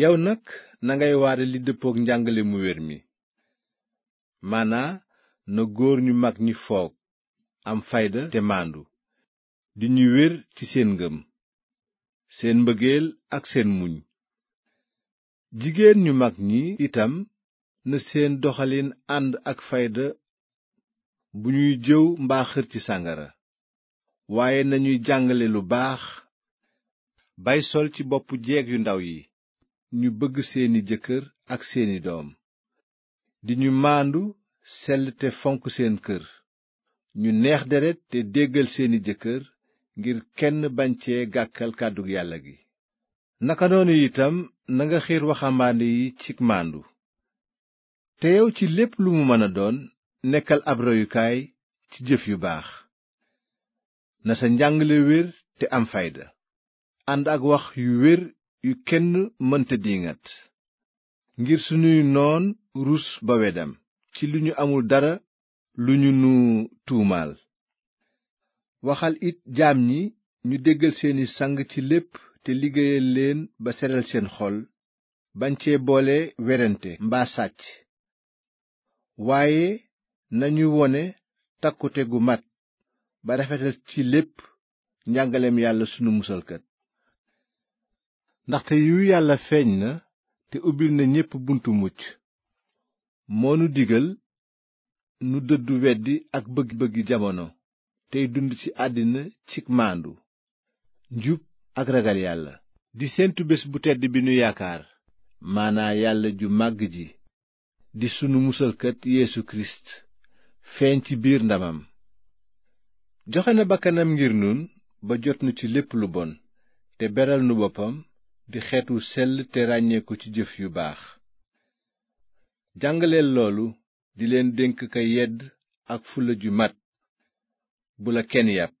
yow nag nangay waare li dëppook njàngale mu wér mi maanaa na góor ñu mag ñi foog am fayda te maandu di ñu wér ci seen ngëm seen mbëgéel ak seen muñ jigéen ñu mag ñi itam na seen doxalin ànd ak fayda bu ñuy jëw mbaa xër ci sàngara waaye nañuy jàngale lu baax bay sol ci boppu jeeg yu ndaw yi ñu bëgg seeni jëkkër ak seeni doom di ñu maandu sell te fonk seen kër ñu neex deret te déggal seeni jëkkër ngir kenn bañ cee gàkkal kàddu yàlla gi naka noonu itam nanga xiir waxambaane yi ci màndu te yow ci lépp lu mu mën a doon nekkal ab royukaay ci jëf yu baax na sa njàngale wér te am fayda ànd ak wax yu wér kenn mënta diingat ngir sunuy noon rus ba wedam ci lu ñu amul dara lu ñu nu tuumaal waxal it jaam ñi ñu déggal seeni sang ci lépp te liggéeyal leen ba seral seen xol bañ cee boole werante mbaa sàcc waaye nañu wone takkute gu mat ba rafetal ci lépp njàngaleem yàlla sunu musalkat ndaxte yiwu yàlla feeñ na te ubbil na ñépp buntu mucc moo nu digal nu dëddu weddi ak bëgg-bëggi jamono tey dund ci àddina ci maandu njub ak ragal yàlla di séentu bés bu tedd bi nu yaakaar maanaa yàlla ju màgg ji di sunu musalkat yeesu kirist feeñ ci biir ndamam joxe na bakkanam ngir nun ba jot nu ci lépp lu bon te beral nu boppam di xeetu wu sell te ràññeeku ci jëf yu baax jàngaleel loolu di leen dénk ka yedd ak fula ju mat bu la kenn yàpp